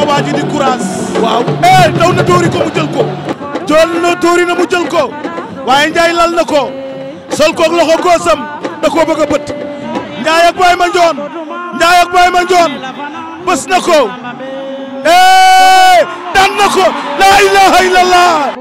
sama waa ji di courage. waaw eh daw na dóori ko mu jël ko. jël na dóori na mu jël ko. waaye Ndiaye lal na ko. sol koog loxo góosam da koo bëgg a bët. Ndiaye ak Baye Mandione. Ndiaye ak Baye Mandione. bës na ko. eh daan na ko. laa ilaaha illallah.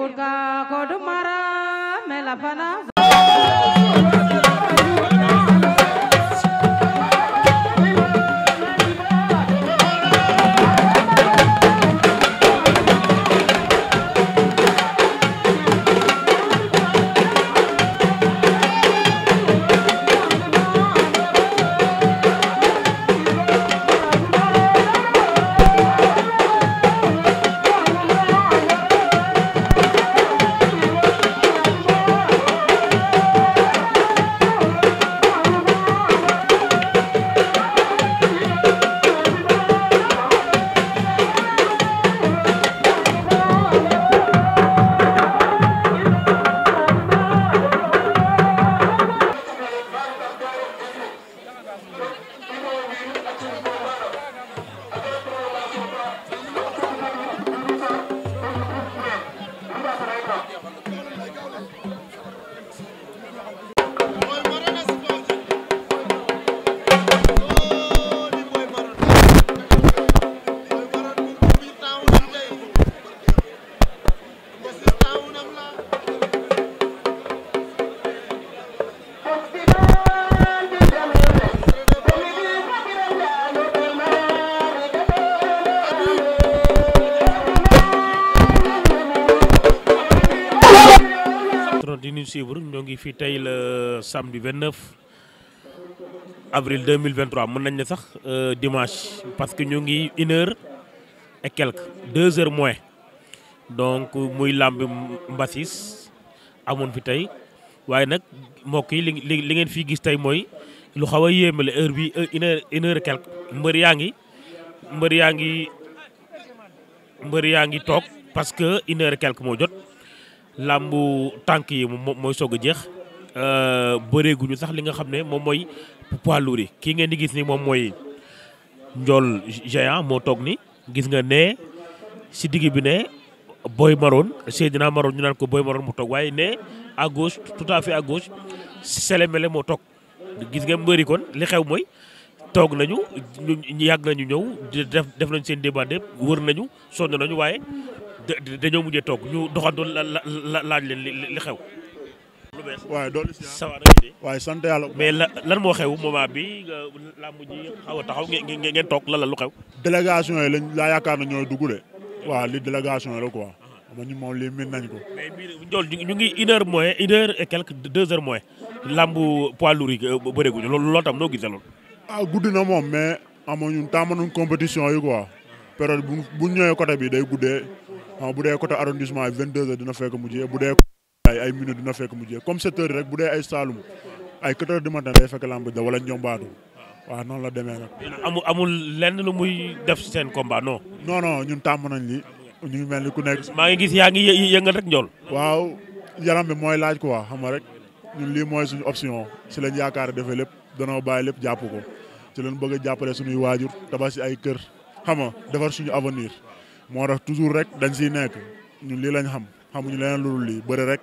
ñu suivre ñoo ngi fii tey le samedi 29 avril 2023 mën nañ ne sax euh, dimanche parce que ñu ngi une heure et quelque deux heures moins donc muy làmbi mbasis amoon fi tey waaye nag mbokk yi li li ngeen fii gis tey mooy lu xaw a yéeme la heure bi une heure une heure et quelque mbër yaa ngi mbër yaa ngi mbër yaa ngi toog parce que une heure et quelque moo jot làmbu tànk yi moom mooy soog a jeex euh, bëreeguñu sax li nga xam ne moom mooy poids lourd kii ngeen di gis ni moom mooy njool géant moo toog ni gis nga ne si digg bi ne booy Maroon Seydina Maroon ñu naan ko booy Maroon mu toog waaye ne à tout à fait à gauche Sele Mele moo toog gis nga mbëri kon li xew mooy toog nañu ñu yàgg nañu ñëw def def nañ seen débat wër nañu sonn nañu waaye dañoo mujjee toog ñu doxantu la la laaj leen li xew. lu bees waaye doole si waaye sant yàlla. mais lan moo xew moment bi làmb ji xaw a taxaw ngeen toog lan la lu xew. délégation yi lañ yaakaar na ñooy dugg de. waaw li délégation yi la quoi. xam uh-huh. ñu moom lii mën nañ ko. mais bii ñu ngi une heure moins une heure et quelque deux heures moins. làmb poids lourd yi euh, bëreeguñu loolu loolu tam noo gisee loolu. ah guddi na moom mais amoo ñun compétition yi quoi. Uh-huh. période bu bu ñëwee bi day guddee. Ah, bu dee côté arrondissement yi 22h dina fekk mujjee bu dee ay ay minutes dina fekk mujjee comme 7h rek bu dee ay Saloum ay 4h du matin day fekk def si seen combat non. ñun tàmm nañ li mel ni ku nekk. maa ngi gis yaa ngi yëngal rek njool. mooy laaj quoi xam nga rek ñun lii mooy suñu si lañ yaakaar defee lépp danoo bàyyi lépp jàpp ko ci lañ bëgg jàppale suñuy waajur tabax si ay kër xam nga defar suñu avenir. moo tax toujours rek dañ siy nekk ñun lii lañ xam ñu leneen lu dul lii bëre rek.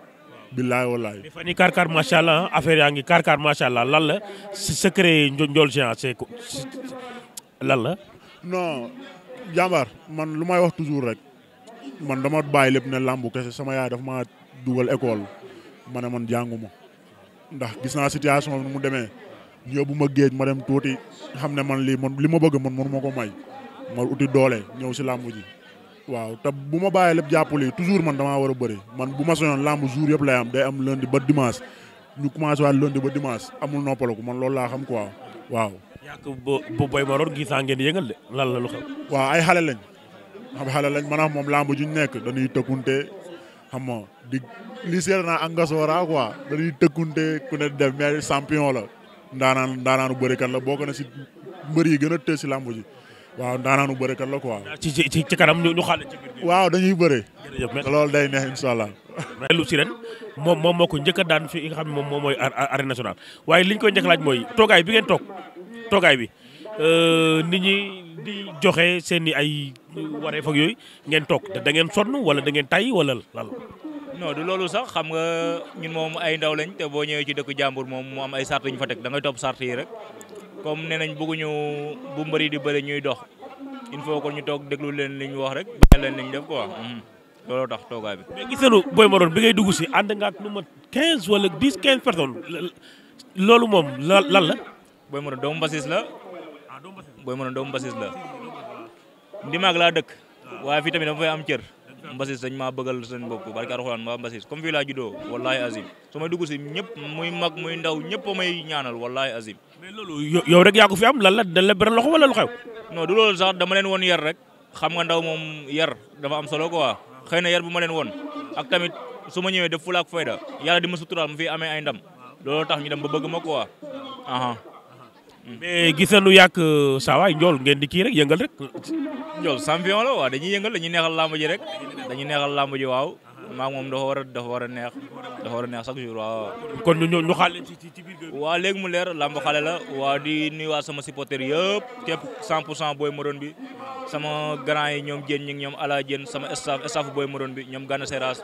billaay wallaay. dafa ni karkar macha allah affaire yaa ngi karkar macha allah lan la secret Ndiol Géant c'est ko lan la. non jàmbaar man lu may wax toujours rek man dama bàyyi lépp ne làmbu kese sama yaay ma dugal école ma ne man jànguma ndax gis naa situation bi mu demee yóbbu ma géej ma dem tuuti xam ne man lii man li ma bëgg man mënu moo ko may ma uti doole ñëw si làmbu ji. waaw te bu ma bàyyee lépp jàppale toujours man damaa war a bëri man bu ma soñoon làmb jour yëpp lay am day am lundi ba dimanche ñu commencé waat lundi ba dimanche amul noppalaku man loolu xam quoi waaw. yàq bu boy baroon gis naa ngeen yëngal de lan la lu xam. waaw ay xale lañ xam xale lañ maanaam moom làmb ju ñu nekk dañuy tëkkunte xam nga di li seet naa ak ngasoora quoi dañuy tëkkunte ku ne def mais champion la ndaanaan ndaanaanu bërikat la bokk na si mbër yi gën a tëj si làmb waaw daanaanu bërekat la quoi. ci ci ci kanam ñu xaale ci biir waaw dañuy bëre. jërëjëf loolu day neex incha allah. lu si ren moom moom moo ko njëkk a daan fi nga xam ne moom moom mooy arène nationale waaye li ñu koy njëkk laaj mooy toogaay bi ngeen toog toogaay bi euh, nit ñi di joxe seen i ay waree ak yooyu ngeen toog da ngeen sonn wala da ngeen tay wala lan. non du loolu sax xam nga ñun moom ay ndaw lañ te boo ñëwee ci dëkk jàmbur moom mu am ay sart yu fa teg da ngay topp sart yi rek. comme nee nañ bëgguñu bu mbër yi di bëri ñuy dox il faut que ñu toog déglu leen li ñu wax rek bañ leen li ñu ko quoi mhm. looloo tax toogaay bi. mais gisalu Boy Maroon bi ngay dugg si ànd nga ak lu mat 15 wala 10 15 personnes loolu moom lan la. Boy Maroon doomu Mbasis la. Ah, Boy Maroon doomu Mbasis la. Ndimaag laa dëkk. Ah. waaye fii tamit dama fay am cër. Mbassis dañ maa bëggal seen bopp barke alxuraan waa Mbassis comme fii laa juddoo wallaahi azim su may dugg si ñëpp muy mag muy ndaw ñëpp may ñaanal wallaahi azim. yow rek yaa ko fi am lan la dañ la beral loxo wala lu xew. non du loolu sax dama leen woon yar rek xam nga ndaw moom yar dafa am solo quoi xëy na yar bu ma leen woon ak tamit su ma ñëwee def fayda yàlla di ma suturaal mu fi amee ay ndam loolu tax ñu dem ba bëgg ma mais gisalu yàgg euh, saa waay njool ngeen di kii rek yëngal rek. njool champion la waaw dañuy yëngal dañuy neexal làmb ji rek dañuy neexal làmb ji waaw maa moom dafa war a war a neex dafa war a neex chaque jour waaw. kon ñu ñu xaale ci ci biir waaw léegi mu leer làmb xale la waa di nuyuwaat sama sipoter yëpp képp 100 pour cent booy Morone bi sama grand yi ñoom Dieng ñi ñoom Ala Dieng sama staff staff booy Morone bi ñoom Gana Seras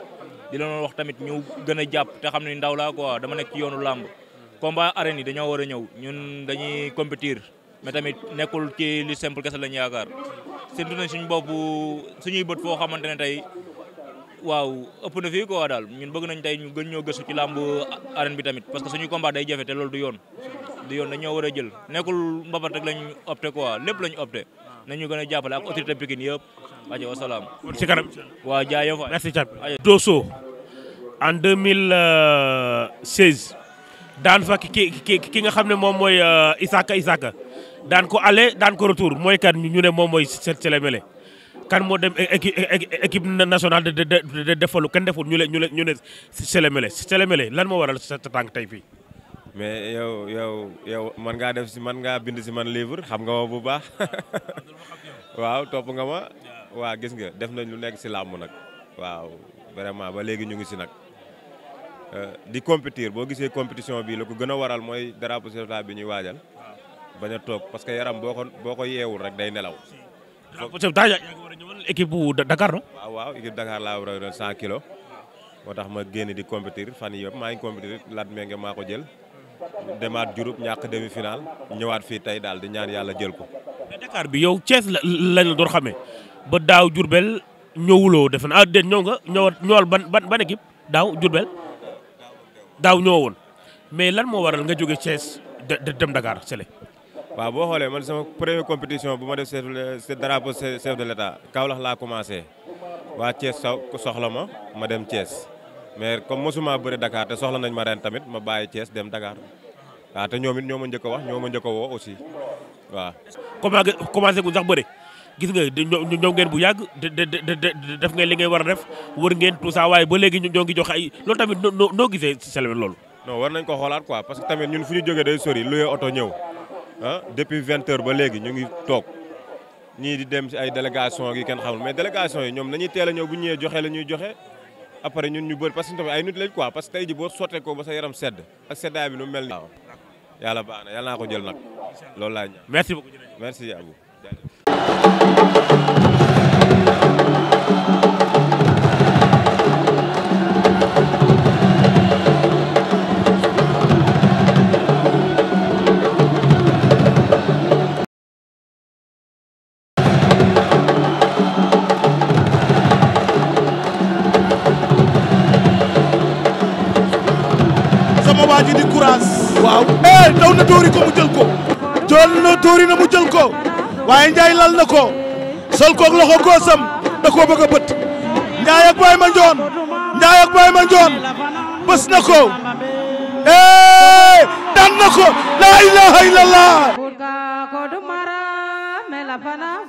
di leen wax tamit ñu gën a jàpp te xam ne ndaw laa quoi dama nekk ci yoonu làmb. combat arène yi dañoo war a ñëw ñun dañuy compétir mais tamit nekkul ci li simple kese lañu yaakaar surtout nañ suñu bopp suñuy bët foo xamante ne tey waaw ëpp na fii quoi daal ñun bëgg nañ tey ñu gën ñoo gëstu ci làmb arène bi tamit parce que suñuy combat day jafe te loolu du yoon du yoon dañoo war a jël nekkul mbapat rek lañ opté quoi lépp lañ opté nañu gën a jàppale ak autorité Pikine yëpp ajo wasalaam ci kanam daan fa ki ki ki nga xam ne moom mooy euh, Isaka Isaka daan ko aller daan ko retour mooy kan ñu ne moom mooy Sèlemélé kan moo dem équipe nationale de de defalu kenn deful ñu ne ñu ne ñu ne Sèlemélé Sèlemélé lan moo waral sa tànk tey fii. mais yow yow yow man ngaa def si man ngaa bind si man livre xam nga ma bu baax waaw topp nga ma. waa gis nga def nañ lu nekk si làmb nag waaw vraiment ba léegi ñu ngi si nag. Euh, di compétir boo gisee compétition bi la ko gën a waral mooy drapeau chef de l'État bi ñuy waajal. bañ a toog parce que yaram boo ko boo ko yeewul rek day nelaw. drapeau chef de l'État yaa ngi a ñëwal équipe kilos. moo tax ma génn di compétir fan yii maa ngi compétir lat menge maa ko jël. demaat Diouroup ñàkk demi final ñëwaat fii tey daal di ñaan yàlla jël ko. mais Dakar bi yow Thiès la la doon xamee ba daaw Diourbel ñëwuloo def naa ah déet ñëw nga ñëwaat ñëwal ban ban ban daaw Diourbel. daaw ñoo woon mais lan moo waral nga jóge Thiès de dem Dakar Sélé. waaw boo xoolee man sama première compétition bu ma def chef drapeau chef de l'état Kaolack laa commencé waa Thiès soxla ma ma dem Thiès mais comme mosuma bëri Dakar te soxla nañ ma ren tamit ma bàyyi Thiès dem Dakar waaw te ñoom ñoo ma njëkka wax ñoo ma njëkk a woo aussi waaw. commencé commencé sax bëri. gis nga ñoom ngeen bu yàgg def ngeen li ngay war a def wër ngeen tout waaye ba léegi ñoo ngi joxe ay loolu tamit noo noo gisee Sélbé loolu. non war nañ ko xoolaat quoi parce que tamit ñun fu ñu jógee day sori luye oto ñëw ah depuis ba léegi ñu ngi toog ñii di dem si ay délégation yi kenn xamul mais délégation yi ñoom nañuy teel a ñëw bu ñëwee joxe la ñuy joxe après ñun ñu bëri parce que tamit ay nit lañ quoi parce que tey ji boo sottee ko ba sa yaram sedd ak seddaay bi mel ni yàlla baax na yàlla naa ko jël nag loolu laa ñaan merci beaucoup merci à waaw eh daw na tóori ko mu jël ko jël na tóori na mu jël ko waaye Ndiaye lal ko sol koog loxo góosam da koo bëgg a bët Ndiaye ak Baye Mandione Ndiaye ak Baye Mandione bës ko eh daan ko la ilaha illallah